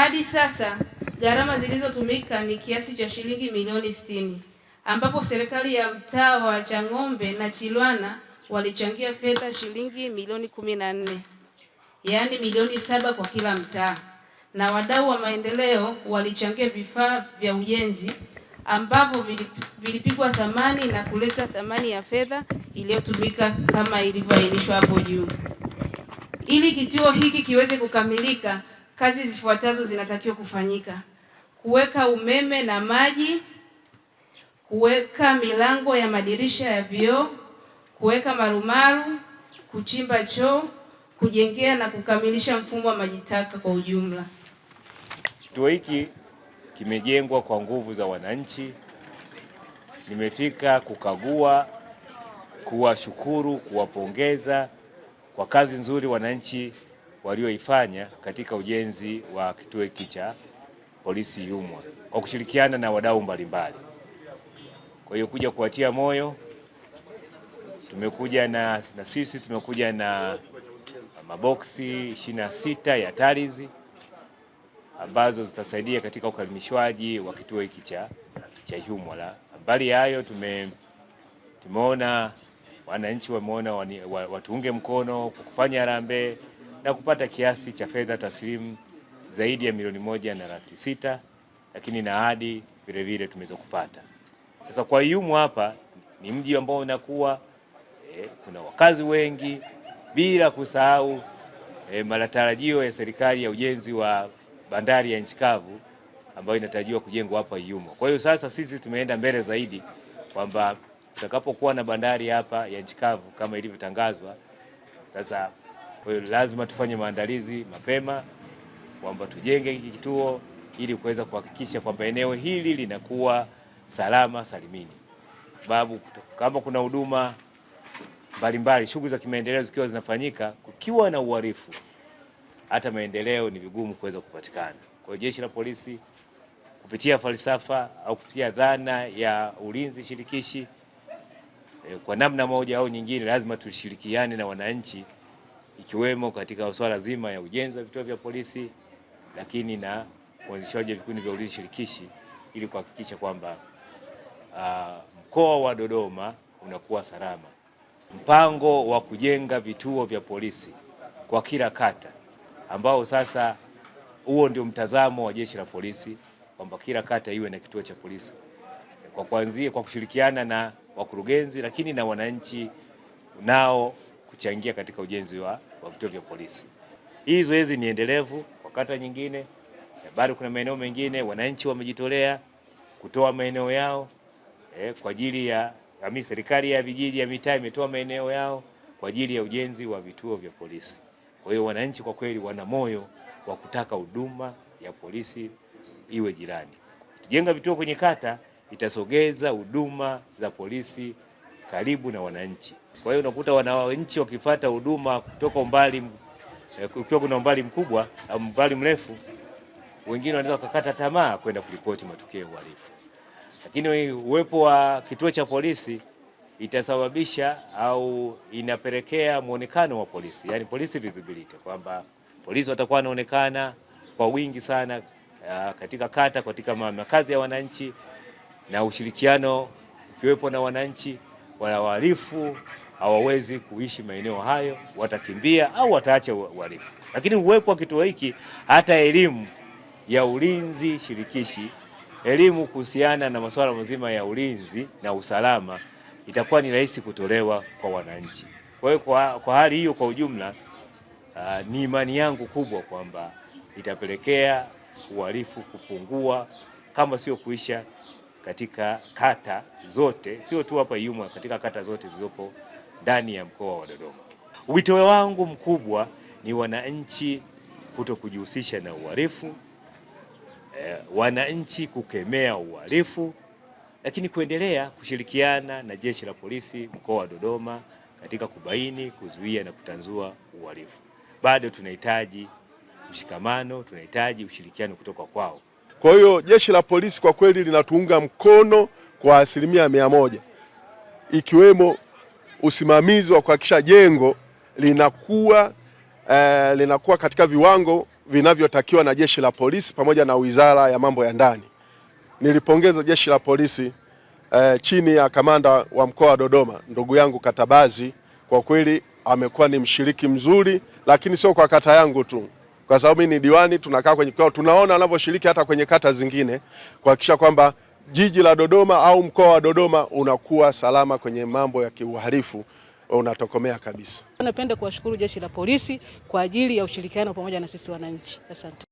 Hadi sasa gharama zilizotumika ni kiasi cha shilingi milioni sitini ambapo serikali ya mtaa wa Chang'ombe na Chilwana walichangia fedha shilingi milioni kumi na nne yaani milioni saba kwa kila mtaa, na wadau wa maendeleo walichangia vifaa vya ujenzi ambavyo vilipigwa thamani na kuleta thamani ya fedha iliyotumika kama ilivyoainishwa hapo juu. Ili kituo hiki kiweze kukamilika kazi zifuatazo zinatakiwa kufanyika: kuweka umeme na maji, kuweka milango ya madirisha ya vioo, kuweka marumaru, kuchimba choo, kujengea na kukamilisha mfumo wa maji taka kwa ujumla. Kituo hiki kimejengwa kwa nguvu za wananchi. Nimefika kukagua, kuwashukuru, kuwapongeza kwa kazi nzuri wananchi walioifanya katika ujenzi wa kituo hiki cha polisi Ihumwa kwa kushirikiana na wadau mbalimbali. Kwa hiyo kuja kuwatia moyo, tumekuja na, na sisi tumekuja na maboksi ishirini na sita ya TARIZ ambazo zitasaidia katika ukalimishwaji wa kituo hiki cha cha Ihumwa la mbali ya hayo tume, tumeona wananchi wameona watuunge mkono kwa kufanya harambee na kupata kiasi cha fedha taslimu zaidi ya milioni moja na laki sita, lakini na ahadi vilevile tumeweza kupata. Sasa kwa Iyumu hapa ni mji ambao unakuwa eh, kuna wakazi wengi bila kusahau eh, matarajio ya serikali ya ujenzi wa bandari ya nchi kavu ambayo inatarajiwa kujengwa hapa Iyumu. Kwa hiyo sasa sisi tumeenda mbele zaidi kwamba tutakapokuwa na bandari hapa ya nchi kavu kama ilivyotangazwa sasa kwa hiyo lazima tufanye maandalizi mapema kwamba tujenge hiki kituo ili kuweza kuhakikisha kwamba eneo hili linakuwa salama salimini, sababu kama kuna huduma mbalimbali, shughuli za kimaendeleo zikiwa zinafanyika, kukiwa na uhalifu, hata maendeleo ni vigumu kuweza kupatikana. Kwa hiyo jeshi la polisi kupitia falsafa au kupitia dhana ya ulinzi shirikishi, eh, kwa namna moja au nyingine, lazima tushirikiane na wananchi ikiwemo katika swala zima ya ujenzi wa vituo vya polisi, lakini na uanzishaji wa vikundi vya ulinzi shirikishi ili kuhakikisha kwamba uh, mkoa wa Dodoma unakuwa salama. Mpango wa kujenga vituo vya polisi kwa kila kata ambao sasa huo ndio mtazamo wa jeshi la polisi kwamba kila kata iwe na kituo cha polisi kwa kuanzia, kwa kushirikiana na wakurugenzi, lakini na wananchi nao kuchangia katika ujenzi wa, wa vituo vya polisi. Hii zoezi ni endelevu kwa kata nyingine, eh, bado kuna maeneo mengine wananchi wamejitolea kutoa maeneo yao eh, kwa ajili ya ami, serikali ya vijiji ya mitaa imetoa maeneo yao kwa ajili ya ujenzi wa vituo vya polisi. Kwa hiyo wananchi kwa kweli wana moyo wa kutaka huduma ya polisi iwe jirani. Tujenga vituo kwenye kata itasogeza huduma za polisi karibu na wananchi. Kwa hiyo unakuta wananchi wakifata huduma kutoka umbali, eh, ukiwa kuna umbali mkubwa au umbali mrefu, wengine wanaweza kukata tamaa kwenda kuripoti matukio ya uhalifu, lakini uwepo wa kituo cha polisi itasababisha au inapelekea mwonekano wa polisi, yani polisi visibility, kwamba polisi watakuwa wanaonekana kwa wingi sana ah, katika kata, katika makazi ya wananchi na ushirikiano ukiwepo na wananchi wala wahalifu hawawezi kuishi maeneo hayo, watakimbia au wataacha uhalifu. Lakini uwepo wa kituo hiki, hata elimu ya ulinzi shirikishi, elimu kuhusiana na masuala mazima ya ulinzi na usalama itakuwa ni rahisi kutolewa kwa wananchi. Kwa hiyo kwa, kwa hali hiyo kwa ujumla, uh, ni imani yangu kubwa kwamba itapelekea uhalifu kupungua kama sio kuisha katika kata zote, sio tu hapa Ihumwa, katika kata zote zilizopo ndani ya mkoa wa Dodoma. Wito wangu mkubwa ni wananchi kuto kujihusisha na uhalifu e, wananchi kukemea uhalifu, lakini kuendelea kushirikiana na jeshi la polisi mkoa wa Dodoma katika kubaini, kuzuia na kutanzua uhalifu. Bado tunahitaji mshikamano, tunahitaji ushirikiano kutoka kwao. Kwa hiyo jeshi la polisi kwa kweli linatuunga mkono kwa asilimia mia moja ikiwemo usimamizi wa kuhakikisha jengo linakuwa eh, linakuwa katika viwango vinavyotakiwa na jeshi la polisi pamoja na wizara ya mambo ya ndani. Nilipongeza jeshi la polisi eh, chini ya kamanda wa mkoa wa Dodoma ndugu yangu Katabazi, kwa kweli amekuwa ni mshiriki mzuri, lakini sio kwa kata yangu tu kwa sababu mimi ni diwani, tunakaa kwenye kwa, tunaona wanavyoshiriki hata kwenye kata zingine kuhakikisha kwamba jiji la Dodoma au mkoa wa Dodoma unakuwa salama kwenye mambo ya kiuhalifu unatokomea kabisa. Napenda kuwashukuru Jeshi la Polisi kwa ajili ya ushirikiano pamoja na sisi wananchi. Asante.